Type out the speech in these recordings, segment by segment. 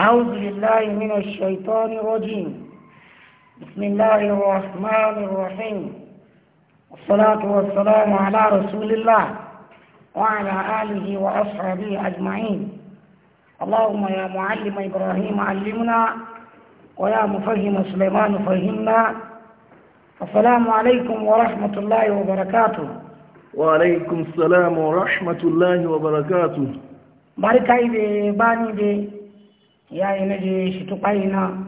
أعوذ بالله من الشيطان الرجيم بسم الله الرحمن الرحيم والصلاة والسلام على رسول الله وعلى آله وأصحابه أجمعين اللهم يا معلم إبراهيم علمنا ويا مفهم سليمان فهمنا السلام عليكم ورحمة الله وبركاته وعليكم السلام ورحمة الله وبركاته بركة باني دي ya yi na je shi na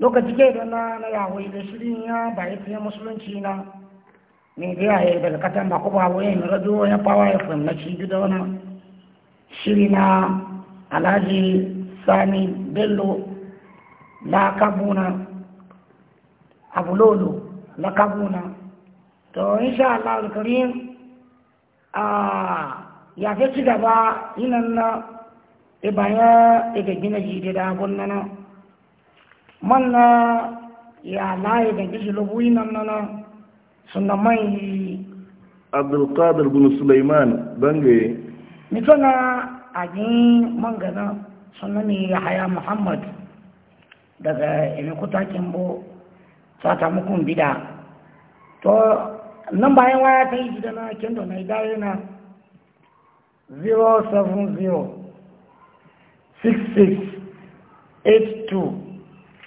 lokaci ke da na yawai da shirin ya bayi fiye musulunci na ne da ya yi balkatan ba kuma wani na radio ya fawa ya fahimci gida wani shiri na alhaji sani bello lakabuna abulolo lakabuna to insha Allah alkarim a ah, ya fi ci gaba yinan na ibaya e iga e gina jide da abun nana man na ya la iga e gishi lubuyi nan nana suna man yi abdulkadir bin suleiman bangaye mito na ajin man gana suna ne ya haya muhammad daga ilikuta kimbo ta ta mukun bida to nan bayan waya ta yi jidana kendo na idaye na 070 six six eight two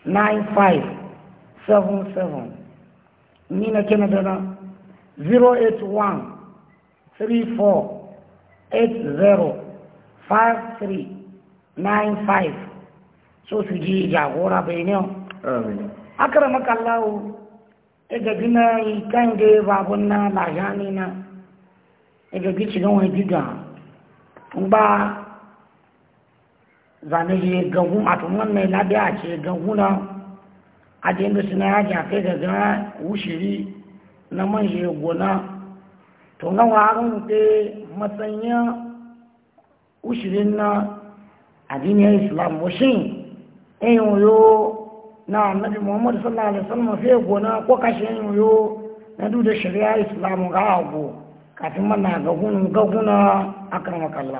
nine five seven seven ní na kí na zero eight one three four eight zero five three nine five so su ji jagora bai ne akara makallawo ega gina kan da babun na lahani e na ega gici e gan wani giga ba zane shi gangun a tunan mai labi a ce ganguna a ce da suna yaji a kai gaga wushiri na man shi gona wa harin ke matsayin wushirin na adiniyar islam washin yin yoyo na annabi muhammadu sallallahu alaihi wasallam fiye gona ko kashe yin yoyo na duk da shari'a islam ga abu kafin mana gaguna a kan makalla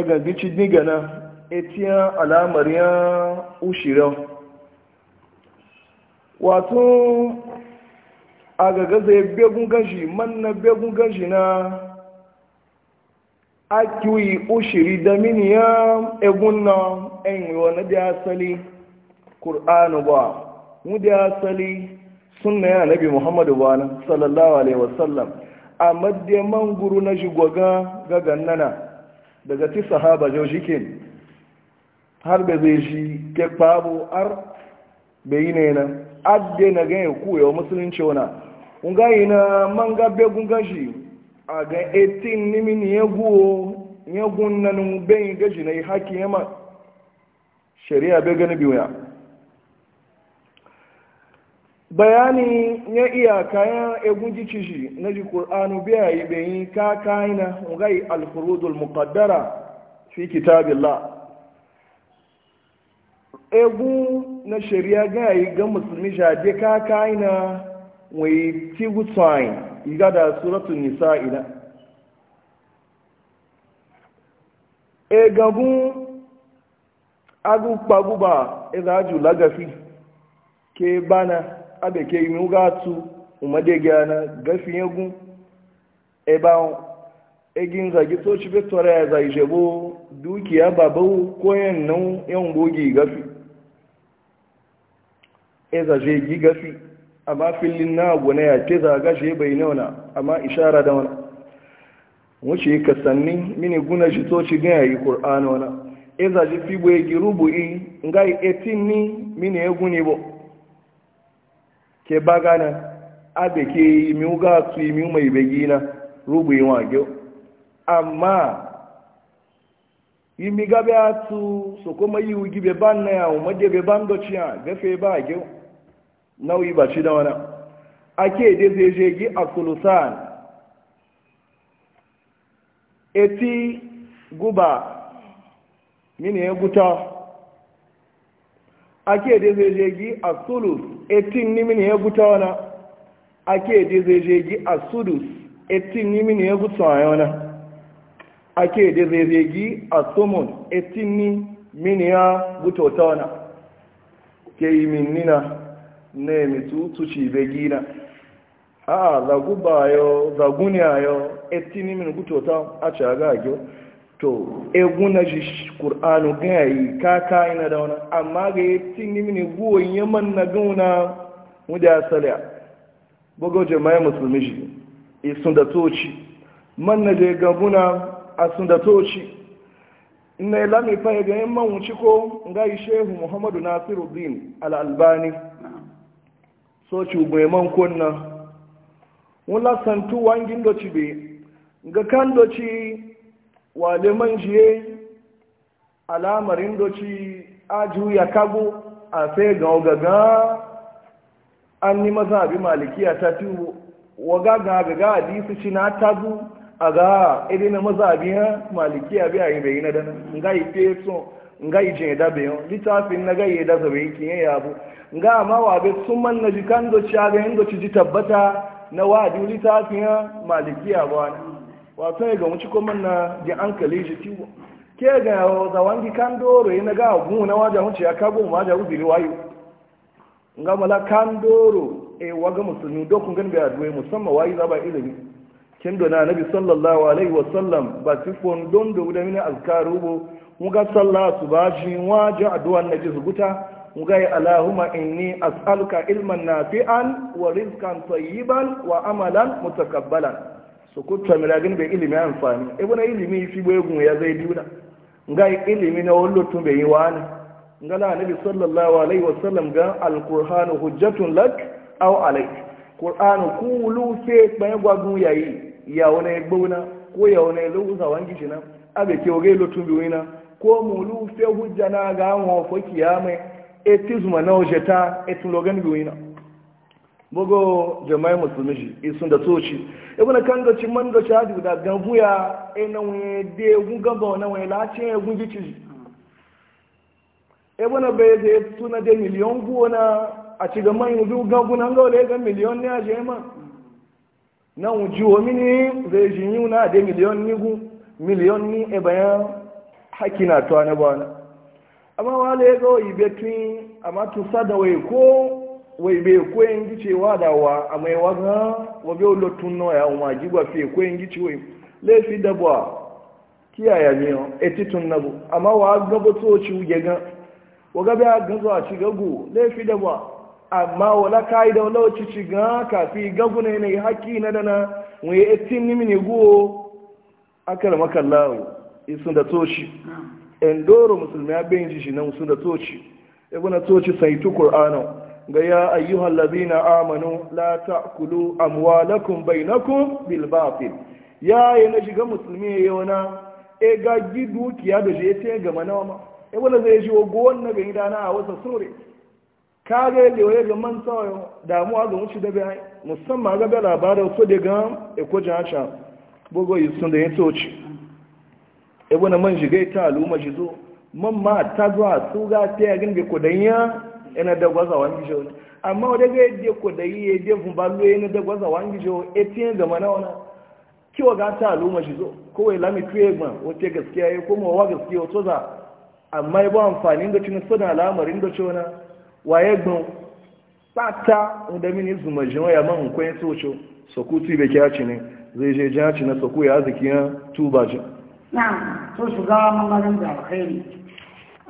ga gici diga na etiyan alamar ya ushirin wato a gaga zai begun ganshi manna begun ganshi na akiwi ushiri da miniyan egun na enwe wani da asali kur'an ba mu da asali sunna ya nabi muhammadu ba na sallallahu alaihi wasallam a madde man guru na shi gwaga gagan daga ti sahaba jau shikin har da zai shi ke babu har bai ne na adde na ganye kuwa musulunci wana unga yi na man gabe gunga shi a ga 18 nimin ya guwo ya gunnanin bayin na yi haki ma shari'a bai gani biyu ya bayani ya iya kayan egun jikishi na ji ƙur'anu biya yi bayi ka kaina gai alfurudul muqaddara fi kitabillah egun na shari'a ga yi ga musulmi shaje ka kaina wai tigu tsain iga da suratun nisa ina e gagun agu kpaguba ila e ju lagafi ke bana Abeke ke imi ga tu umade gana gafi yagun e ba egin zagi to ci betora ya zai jebo dukiya babu koyan nan yan gogi gafi e zaje gi gafi amma filin na gune ya ce zaga shi bai nauna amma ishara da wani wuce ka sannin mini guna shi to ci gaya yi ƙur'ana wani e zaje fi ya gi rubu'i ngai etin ni mini ya gune bo ke bagana abe ke imi ga atu imi mai begina rubu yi wage amma imi ga atu sokoma yi ugi be ban na ya umaje be ban do ciya gafe ba ge nauyi ba ci da wana ake de zai je gi akulusan eti guba mini ya A ake de zai je gi etin ni mini ya guta wana ake de zai je gi a sudus etin ni mini ya guta wana ake de zai je gi a sumun etin ni mini ya guta wata wana ke yi min nina na ya mitu tuci begina a zagu ne a yau etin ni mini guta wata a ci aga gyo to egun na shi ƙur'anu gayi kaka ina da wani amma ga ya cinye mini guwon yaman na gauna wadda ya saliya bugo jama'a musulmi shi isun da toci man na je gabuna a sun da toci ina yi lamifa ya ga yin man wuci ko gayi shehu muhammadu nasiruddin al'albani soci ugbe man kunna wula santu wangin doci be ga kan doci wale man shi alamarin doci a ya kago a sai ga gaga an yi mazhabi malikiya ta tiwo waga ga gaga hadisi shi na tagu a ga iri na mazhabi ya malikiya biya yi bai na dana nga i fe so nga ije jin da bayan littafin na ga yi da zabe yake yin yabo nga ama wa be sun man na jikan doci a ga yin doci ji tabbata na wadi littafin ya malikiya ba wato ya gamu kuma manna ji an kale shi tiwo ke ga wangi kan doro ina ga gun na waje wuce ya gun ma ja uziri wayo nga mala kan doro e waga musulmi dokun gan ga duwe musamman wayi ba ilimi kin dona nabi sallallahu alaihi wasallam ba fon don da wuda mini azkaru bo ga sallah subashi waje addu'a nabi zuguta muga ga allahumma inni as'aluka ilman nafi'an wa rizqan tayyiban wa amalan mutakabbalan su kuta milagin bai ilimi amfani ibu e ilimi fi bai gun ya zai diuna ga ilimi na wallo tun bai yi wani ga na nabi sallallahu alaihi wasallam ga alqur'anu hujjatun lak aw alaik qur'anu kulu fe bai gwagun yayi ya wani e gbona ko ya wani e lugusa wangi shi na abe ke oge lo tun bai na ko mulu fe hujjana ga an hofo kiyame etizma na ojeta etulogan bai na bugo jama'i musulmi shi isun da soci ibn kan da cin man da shadu da gabuya e na we de gun gaba na we la ce gun gici ibn be de tuna de miliyon gona a ci ga mai du ga guna ga le ga miliyon ne a je ma na u ji o mini zai ji ni na de miliyon ni gu miliyon ni e bayan hakina to na ba amma wale go ibe tun amma tusa da wai ko wai bai koyin gicewa da wa a mai waga wa bai na nawa ya umar jigwa fiye koyin gicewa laifi da ba kiyaye ne a na bu amma wa gaba tsoci wuge gan wa gaba gan zuwa ci gagu laifi da ba amma wala kai da wala wuce ci gan kafi gagu ne ne haƙi na dana mu yi etin ni mini guwo akal makallawo isun da tsoci endoro musulmi abin ji shi na musun da tsoci ebuna tsoci sai tu qur'ana ga ya ayyuhal ladina amanu la ta'kulu bainakun bilbafin. ya yi na shiga musulmi ya yi wana e ga dukiya da shi je te ga manama e wala zai shi ogo wannan ga idana a wasa sore ka ga da waye ga man tsawo damuwa ga wuce da bai musamman ga labarin so da ga e ko jacha bogo yi sun da ya toci e wani man shiga ta al'umma shi zo man ma ta zuwa su ga ta ya gani ga kodanya na da gwaza wani amma wadda ga yadda ko da yi ya je fumba lo yana da gwaza wani jo e tiye gama na wana kiwa ga ta aluma shi zo kowai lami tuye ma wace gaskiya ya e, kuma wa gaskiya wato za amma e ba amfani da cin suna lamarin da ce waye gbon tsata da mini zuma jiwa ya man sokutu ci ne zai je ci na soku ya zikiya na da alkhairi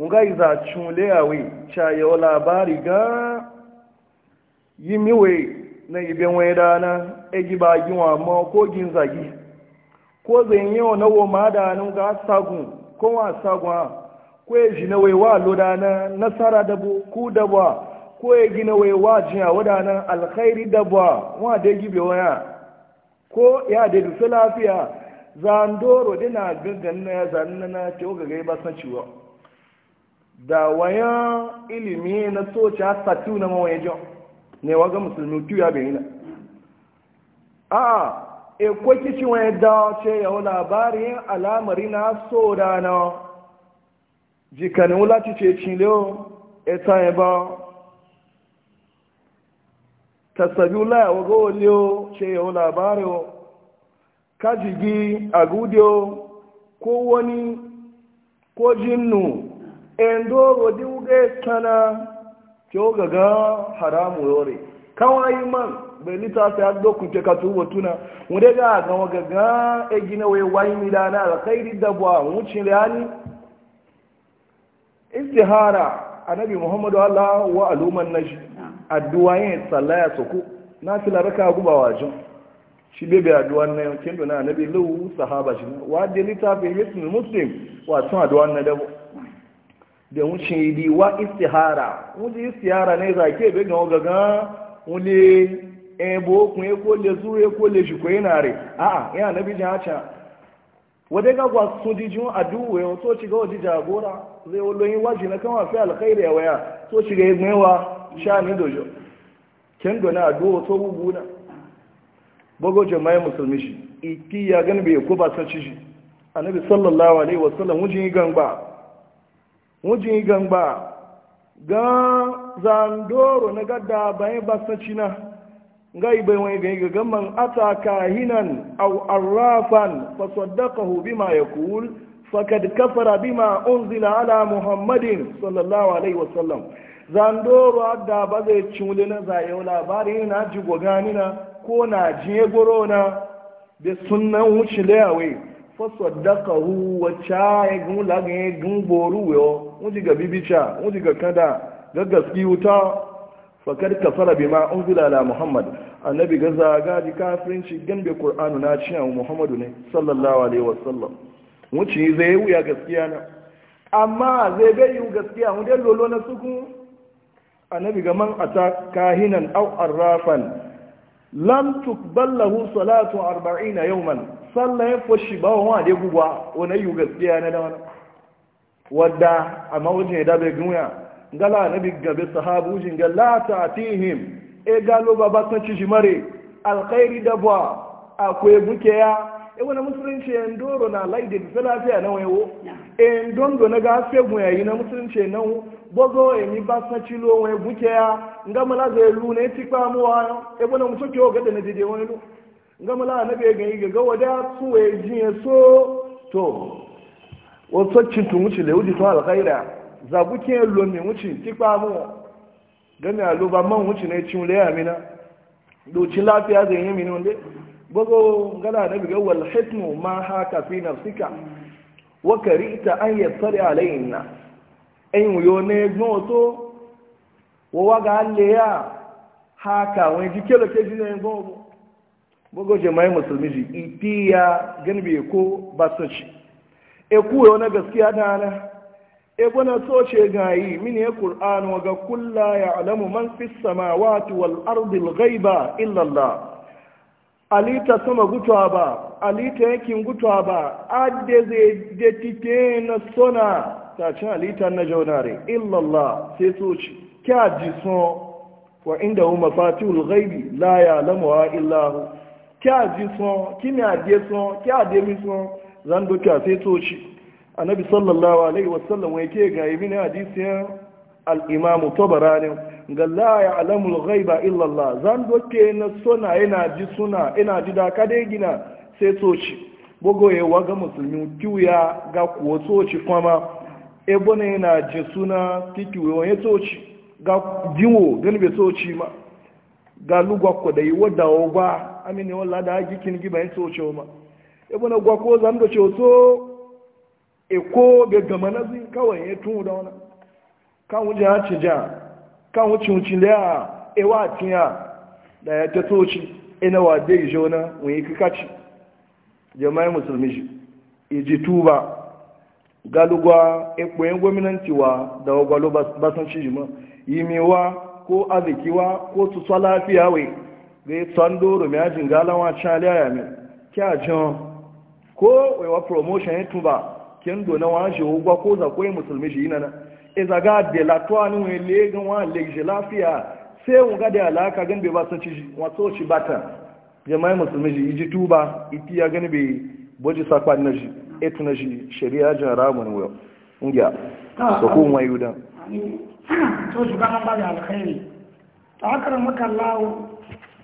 nga iza cunle awe cayo labari ga yi na ibe wani dana egi ba giwa ma ko gin zagi ko zan yi wa mada da nan ga sagun ko wa sagwa ko ya na wai wa loda na nasara da bu ku da ba ko ya e gina wai wa jiya wada na alkhairi da ba wa da gibe waya ko ya de du lafiya zandoro dina gangan na zanna na ce ga ba san ciwo da wayan ilimi na toci hasa na mawaye jan ne waga musulmi tiw ya bayi na a ekwe kici wani da ce yau labarin alamari na so rana jikanin wulaci ce cilo eta ya ba tasabi wula ya waga waliyo ce yau labarin kajigi a gudiyo ko wani ko jinnu endoro diwuge tana kyau gaga haramu yore kawai man bai ta har do ke ka tuba tuna wanda ga ga waga ga e gina wai wai milana alkhairi da bwa wucin rani istihara annabi muhammadu allah wa aluman naji addu'a yin sallaya suku na fila raka guba wajin shi bebe addu'a na kendo na annabi lu sahaba shi wa da littafi hisnul muslim wa tun addu'a na dabo da wuce di wa istihara wuce istihara ne za ke bai gawa gaga wule ebo kun ya kole zuru ya kole shi ko yana re a a yana na bijin haca wadda ga gwa su dijin aduwa ya so shiga waje jagora zai wullo yin waje na kama fi alkhairi ya waya so shiga ya gmewa sha ni dojo ken dona aduwa so Bogo bago jama'i musulmi shi iki ya gan bai ko ba san shi annabi sallallahu alaihi wasallam wujin gan ba wujin gangba ga zandoro na gada bayan basacina ga bai wani gani ga gaman ata kahinan au arrafan fasaddaqahu bima yaqul fakad kafara bima unzila ala muhammadin sallallahu alaihi wasallam zandoro adda ba zai cimule na zayo labari na ji goganina ko na je goro na da sunan wuce layawai fasaddaqahu wa cha gun gun boru yo wuji ga bibica wuji diga kada ga gaski wuta fakar kafara bima ma unzila ala muhammad annabi ga zaga ji kafirinci gambe qur'anu na ciya muhammadu ne sallallahu alaihi wasallam ci zai wuya gaskiya na amma zai bai yi gaskiya mu dai lolo na suku annabi ga man ata kahinan aw arrafan lam tuqballahu salatu 40 yawman sallah ya fushi ba wa dai wani yi gaskiya na da wani wadda amma wajen ya dabe duniya gala na bi gabe sahabu wajen ga lata tihim e galo ba basan ci shi mare alkhairi da ba akwai buke ya e wani musulunci yan doro na laide bisa lafiya na wayo e dondo na gafe guyayi na musulunci nan bogo e ni basan ci lo wai buke ya nga mala zai lu ne ti kwamuwa e wani musulunci yau gada na dide wani lu nga mala na bai gani ga gawa da su wai e jin e so to wasu cintun wuce da wuce tun alkhaira zabu ke lo mi wuce ti pa mu don ya lo ba man wuce ne cin le amina doci lafiya zai yi mini wanda bugu gana na biga wal hitmu ma haka fi nafsika wa karita an yattari alayna ayin yo ne gbon to wo wa ga le ya haka wani jikelo ke jine gbon bugu jama'i musulmi ji ya, ipiya ganbe ko basoci e yau na gaskiya da na e soce gayi mini ya e qur'ano ga kulla ya alamu man fis samawati wal ardi gai ba illallah alita sama gutuwa ba alita yakin gutuwa ba adde zai detite na sona ta ci alita na jaunare illallah sai soci kya ji son wa inda hu mafatihul ghaibi la ya lamuwa illahu kya ji son kina ge son kya de mi son zan duka sai toci annabi sallallahu alaihi wasallam wai ke ga ibn hadisiyan al imam tabarani ga la ya'lamu al-ghaiba illa Allah zan duke na suna ina ji suna ina ji da kade gina sai toci bogoye wa ga musulmi kiwuya ga kuwa toci kuma bone ina ji suna kikiwe wani toci ga jiwo gani bai toci ma ga lugwa ko da yi wadda wa ba amini wallah da hakikin gibayin toci ma ibina gwako zan da coto eko be gama na zai kawai ya tun da wani kan wuce ya ci ja kan wuce wuce da ya ewa tiya da ya ta toci ina wa dai jona wani kakaci jama'i musulmi shi iji tuba galugwa ekpoyin gwamnati wa da wagwalo basan shi jima yimiwa ko azikiwa ko tutsa lafiya wai ga yi tsandoro mai ajin galawa can ya mai kya jan ko wa promotion ya tuba ken do na waje je ogwa ko za ko musulmi ji nana e za ga de la to anu e le ga wa le je lafiya sai un ga ala alaka gan be ba san ci wa so ci bata jama'i musulmi ji ji tuba iti ya gan be boji sakwa na e ji et na ji shari'a jan ramun wo ngiya so ko mai yuda to shi ga nan ba ya alkhairi ta akara maka Allah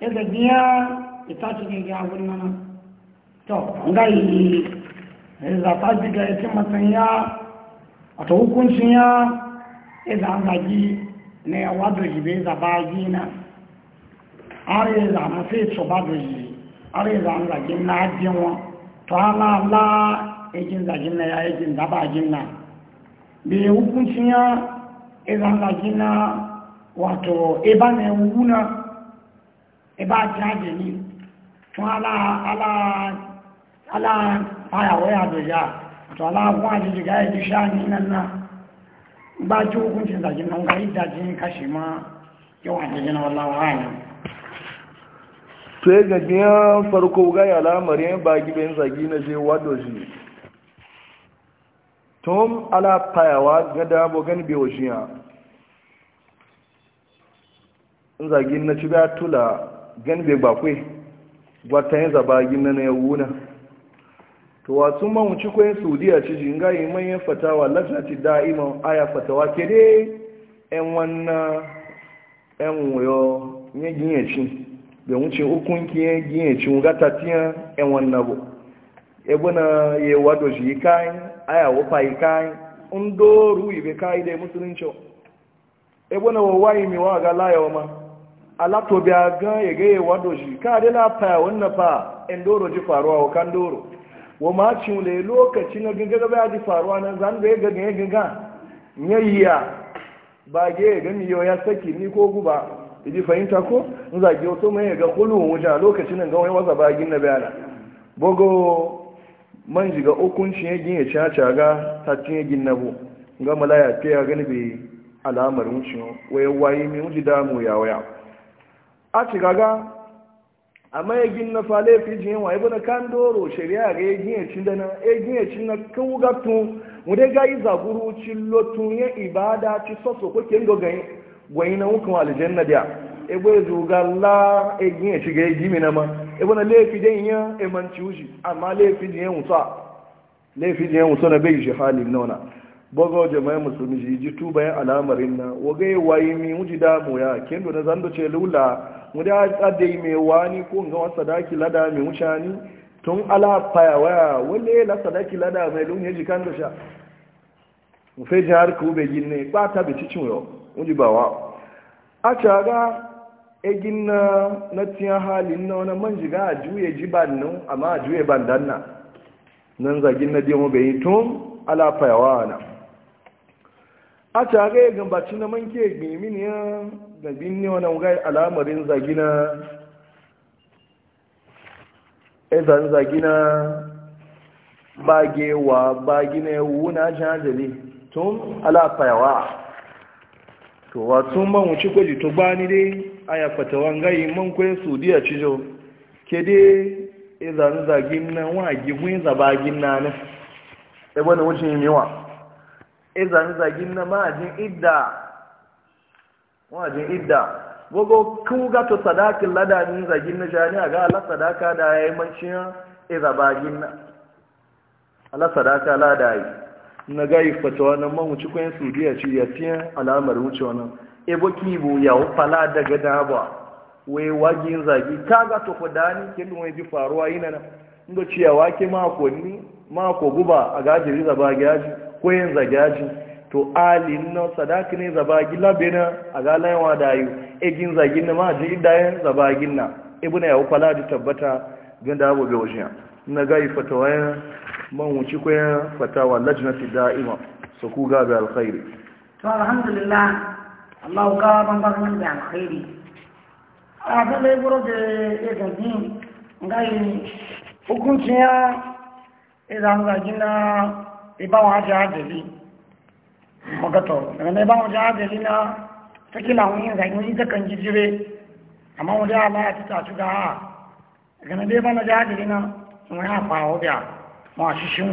ya da biya ita ce ga gurin nan to ngai zata diga ya ce matanya a ta hukuncin ya iza an zagi na ya wado jibe zaba na ari ya zama sai tso bado jibe are ya zama zagi na ajiyarwa to ala ala yakin zagin na ya yakin zaba gina bai hukuncin ya iza zagi na wato eba na yawuna eba jaje ni tun ala ala ala aya waya da ya to ala kwa ji ga ya ji shani nan na ba ci hukuncin da nan ga idda jin kashi ma yawa da jin wallahi wani to ya gajiya farko ga ya baƙi ba giben zagi na je wado shi tom ala payawa ga da bo gan biyo shi ya zagin na ci ba tula gani be bakwai gwata yin zabagin na na yawuna to wasu mawuci kwayin saudiya ci jingaye manyan fatawa lafati da'iman aya fatawa ke dai yan wannan yan wuyo ya ginyaci da wuce ukun kiyan ginyaci ga tatiyan yan wannan e bu ebuna ya wado shi kayan aya wufa yi kayan in doru ibe kayi da musulunci ebuna wawaye mai wa ga layawa ma alatobi a ga ya ga ya wado shi ka dai na fa wannan fa in doro ji faruwa wa kan doro wa ma cule lokacin na gangaga ba ji faruwa nan zan ga gaga ya gaga ya ba ge ya gami yau ya saki ni ko guba idi fahimta ko in zage wato mai ga kulun wuta lokacin nan ga wani wasa ba gina na bayana bogo man jiga hukunci ya gin ya caca ga tatin ya gina bu ga malaya ta ya gani bi alamar wucin wayan waye mai wuci damu ya waya a ci gaga amma ya gina na fale fi jin wa ibn kan doro shari'a ga yin gina cin dana e gina ya cin na kan wugatu mude ga yi zaguru cin lotu ya ibada ci soso ko kin doga yin gwai na hukun aljanna dia e gwe zuga la e gin ya ci ga gimi na ma e ibu na le fi ya e man ci uji amma le fi den ya musa le fi den ya musa na bai shi halin nona bogo jama'a musulmi ji ji tuba ya alamarin na wagai wayi mi mujida mu ya kendo na zando ce lula muda tsade mai wani ko ga wasa daki lada mai mushani tun ala fayawaya wale la sadaki lada mai lun yaji kan da sha mu fe har ku be ginne ba ta bi cicin yo unji bawa a caga egin na na tiya halin na wani man jiga a juye jiban nan amma a juye ban danna. nan za zagin na mu bai tun ala fayawaya na a caga ya e gambaci na manke ke gimi ne gabin ne wani gai al'amarin zagina ezan eh, zagina bagewa bagina wuna jajali tun alafayawa to watun man wuce kwaji to ba ni dai a ya fatawan gai man kwaye su diya cijo ke dai ezan eh, zagina wa gihun zabagin na ne ebe eh, na wuce yi mewa ezan zagina ma ajin idda wajen idda gogo kun ga to sadakin ladani zagin na jani a ga ala sadaka da ya yi mancin izabagin na ala sadaka ladayi na ga yi fata wannan man wuce kwayan sudiya ce ya fiye alamar wuce wannan ebo kibo ya fala daga daba wai wagin zagi ka ga to kudani kin wai bi faruwa yana na inda ciyawa ke mako ni mako guba a gajiri zaba gaji ko yin zagaji to alin na sadaki ne zabagi labina a galayen wadayu egin zagin na maji idayen zabagin na ibina ya kwala da tabbata da abu bai wajen na gai fatawayen manwuci kwayan fatawa lajinati da'ima su ku gabe alkhairi to alhamdulillah allahu kawo bambamin da alkhairi a kan da ya da ya gabi gai hukuncin ya idan zagin na ibawa hajji hajji magato daga na ba mu na take lawon yin zai mun ta kan amma mu ja Allah ta ta ha ya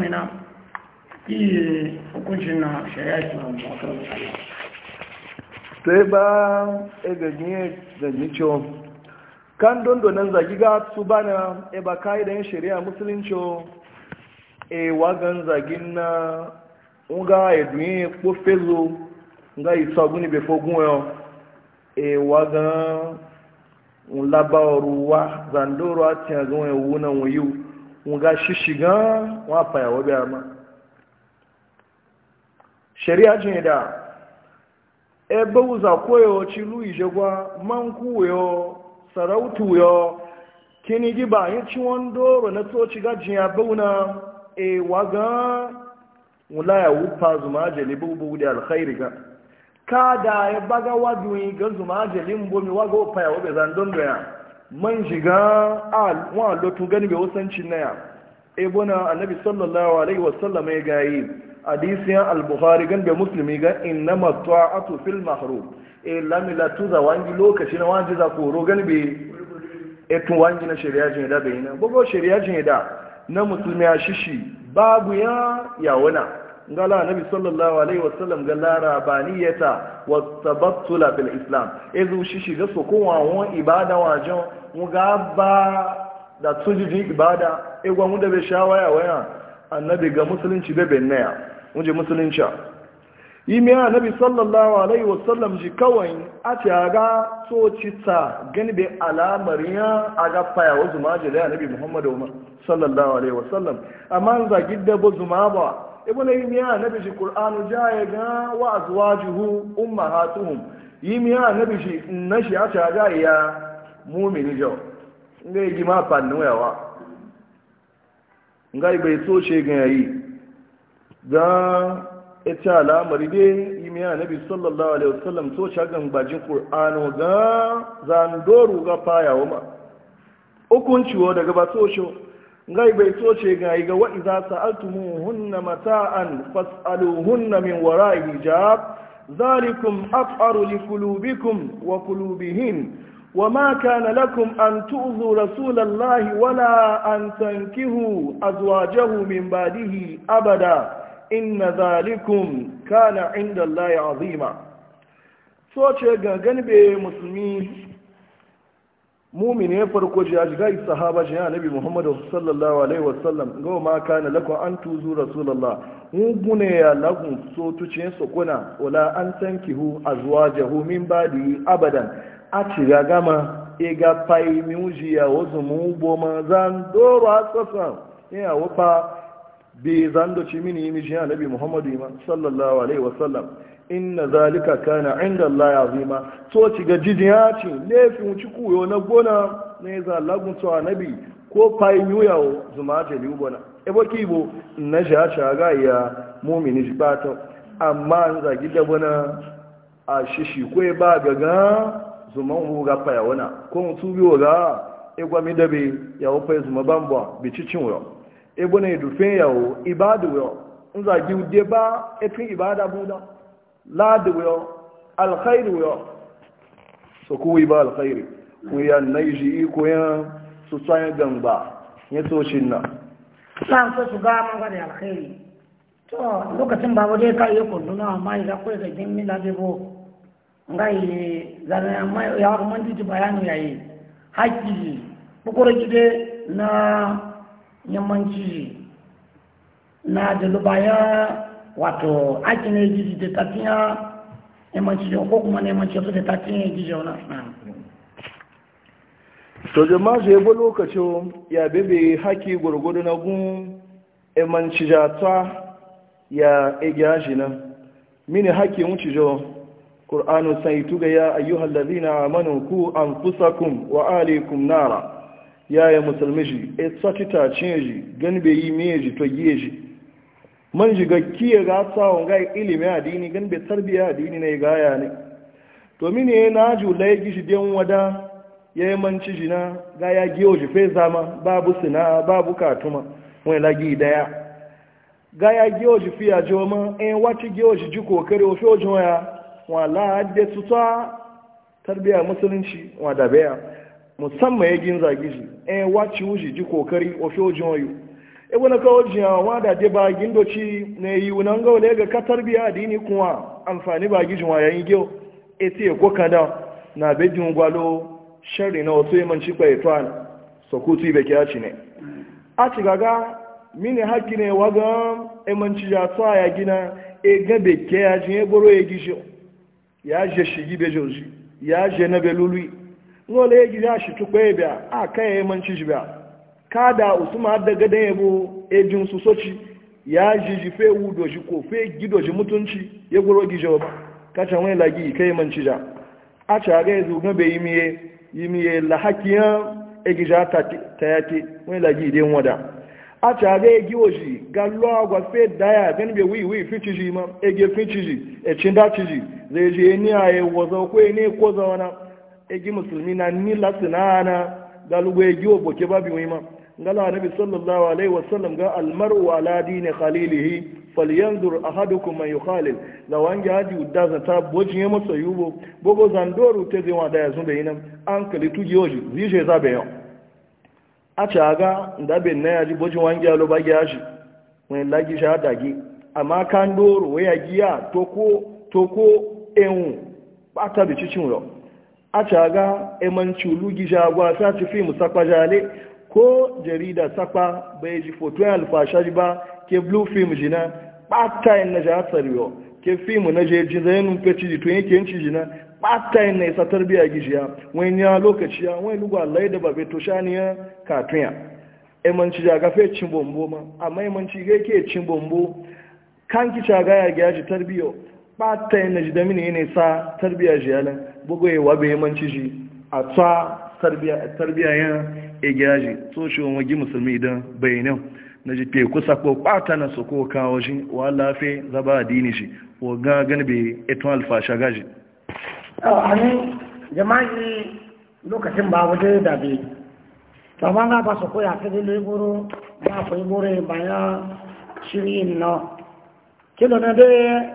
na hukuncin na shari'a e kan dondo nan zagi ga su bana e ba kai da shari'a musulunci e na nga edunye kpo fezo nga isu aguni be fogun yo e wagan un oru wa zandoro ati agun e wuna won yu nga shishigan wa pa yawo bi ama sheria jin da ebe uza koyo chilu ijegwa manku yo sarautu yo kini giba yin ci won doro na so ci gajin abu e wagan wula ya wufa zuma ajali bubu da alkhairi ga da ya baga wadu ga zuma mbo mi wago ya wabe zan don ya man shiga a wa lotu gani bai wasancin na ya ebona annabi sallallahu alaihi wasallam ya gayi hadisiyan al-bukhari gan bai muslimi ga innama ta'atu fil mahrum e lamila tuza wangi lokaci na wangi za koro gan bai e tu wangi na shari'a jin da bai na bugo shari'a jin da na musulmi a shishi babu ya yawuna ngala nabi sallallahu alaihi wasallam ga larabaniyata tabattula bil islam ezu shi shiga so ko wa ibada wajen mu ba da tujiji ibada egwa mu da be shawaya waya annabi ga musulunci be benna ya mu musulunci ime nabi sallallahu alaihi wasallam ji kawai a ce a ga tsocita bai alamar ya a ga faya wa zuma jale nabi muhammadu sallallahu alaihi wasallam amma an zagi dabo zuma ba ibn ime nabi ji ja ya ga wa azwajuhu ummahatuhum ime nabi ji shi a ce a ga ya mu'mini jo ngai ji ma fannu nga yi bai so shi ga yi dan ita al'amari dai da annabi sallallahu alaihi wasallam to shagan bajin qur'ano ga zandoru ga Faya ma hukunciwo daga ba to ngai bai to ce ga ga wa sa'altum hunna mata'an fas'aluhunna min wara'i hijab zalikum li qulubikum wa qulubihim wa ma kana lakum an رسول rasulallahi wala an tankihu azwajahu min بعده abada. inna zalikum kana inda Allah azima so ce gangan be musulmi mumine farko ji ajiga sahaba ji Nabi muhammadu sallallahu alaihi wasallam ga ma kana lakum an tuzu Rasulallah, rasulullah mugune ya lagun so tuce so kuna wala an san tankihu azwajahu min badi abadan a ci gama e ga fai miuji ya wasu mu bo ma zan dora sassan, ya wufa bi zando ci mini ji shi bi muhammadu ima sallallahu alaihi wasallam inna zalika kana inda Allah azima to ci ga jijiya ci lefin ci kuyo na gona ne za lagun to annabi ko fayin yawo zuma ta liu bona e boki na ja ta ga ya mu'mini shi bata amma an za gida bona a shishi ko ba ga ga zuma hu ga fayawana ko mutu biyo ga e gwami ya yawo fa zuma bamba bi cicin wuyo ebona ya dufe yawo ibadu yau in zagi wude ba efin ibada buda ladu yau alkhairu yau so kuwa ba alkhairi ku ya naiji iko ya su tsayin gamba ya tsoshin na san so su ga man da alkhairi to lokacin ba wajen ka iya kunduna amma idan kuwa da jin da bebo nga yi amma ya kuma ti bayanu yayi haƙƙi bukuru gide na yammanci na ya wato ake na ejiji da tafiya yammanci da ko kuma na yammanci da tafiya ejiji wani to jama'a su yabo lokacin ya bebe haki gwargwado na gun yammanci jata ya egiya shi nan mini haki wuce jo ƙur'anu sai tuga ya ayyuhallazina amanu ku kun wa alikum nara yaya musulmi shi e tsaki ta cinye shi gani bai yi miye shi to giye shi man shi ga kiye ga tsawon ga ilimin adini gani bai tarbiya adini ne ga gaya ne to mini na ju la shi den wada ya yi manci shi na ga ya giyo shi fai zama babu sina babu katuma wani lagi daya ga ya giyo shi fiya joma en wati giyo shi ji kokari wasu ojin waya wala hadde tuta tarbiya musulunci wa da baya musamman ya ginza gizi eh waci wuji ji kokari ofi ojin wayo e wani kawo jiya wada de ba gindoci ne yi wunan ga wale ga katar biya dini kuma amfani ba gijin wa yayin gyau e tiye ko kada na bejin gwalo shari na wasu yaman ci kwa etuwa sokutu ibe kya ci ne a ci gaga mini haƙƙi ne wa ga yaman ci ja tsawa ya gina e gabe kya jin e ya goro ya gishi ya je shigi bejin ya je na belului nola ya gida shi tukwa ya biya a kan ya yi manci shi biya kada usuma adda gadan ya bụ ejin su soci ya jiji fe wu shi ko fe gido shi mutunci ya guro gijo ba kacan wani lagi kai manci ja a ci aga ya zuga bai yi miye ha miye lahakiyan egija ta yake wani lagi idan wada a ci aga egi oji ga lụọ agwa fe daya gani bai wi wi fi ciji ma ege fi ciji echinda cin da ciji zai je ni a yi wazo ko ne ko egi musulmi na ni lasina na galugo egi wa boke babi mai ma ngala nabi sallallahu alaihi wasallam ga almaru ala dini khalilihi falyanzur ahadukum man yukhalil la wangi haji udaza ta bojin ya masa yubo bogo zandoru te zai wada da ya zunda ina an kali tuji oji zije zabe yau a ci aga da bin na yaji bojin wangi alo bagi yaji wani lagi shi gi amma kan doro waya giya toko toko enwu ba ta bi cikin rau a ga emanci lugi jagwa ta ci fi musakwa jale ko jarida sakwa bai ji foton alfashari ba ke blue fim jina ɓata yin na jasar yau ke fim na jeji zai numfe ci tun yake yanci jina ɓata yin na isa tarbiya gijiya wani ya lokaci ya wani lugu allai da babe to shaniya katunya emanci jaga fe cin bombo ma amma emanci ga ke cin bombo kan ki caga ya gyaji tarbiyo ɓata yin na ji damini ne sa tarbiya shi yalan bugu wa wabe shi a tsa tarbiya yan egiya shi so shi wa magi musulmi don bayanan na ji fe kusa ko ɓata na su ko kawo shi wa lafe zaba dini shi wa gagan bai eto alfasha gaji amin jama'i lokacin ba wajen da bai taban ga ba su koya ta dole goro ba ku yi goro bayan shirin na kilo na dai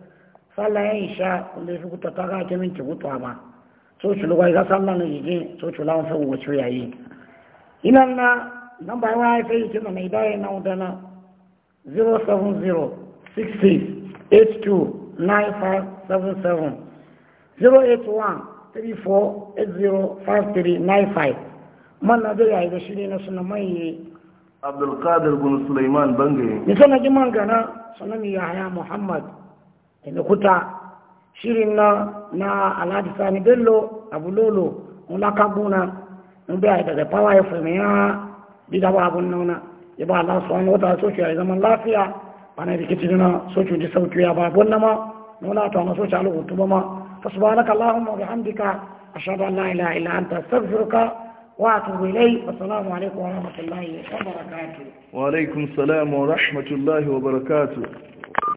sallah ya isha wanda ya fi kuta ta kake minti mutuwa ma so ci lugwa ga sallah na jije so ci lawan san yayi ina na nan ba wa ya fayi kina mai dai na udana 070 82 081 34 man na zai yayi ga shi ne na suna mai abdulkadir bin suleiman bangaye ni sana man gana sanami yahaya muhammad imekuta shiri na na alhaji sani bello abulolo mulakabuna mbe a daga power fm ya bida ba abun nuna ya ba allah subhanahu wata soci ya zaman lafiya bana rikici na soci da sauki ya ba abun nama nuna ta na soci alu hutu ma fasubhanaka allahumma bihamdika ashhadu an la ilaha illa anta astaghfiruka واتوب اليه والسلام عليكم ورحمه الله وبركاته وعليكم السلام ورحمه الله وبركاته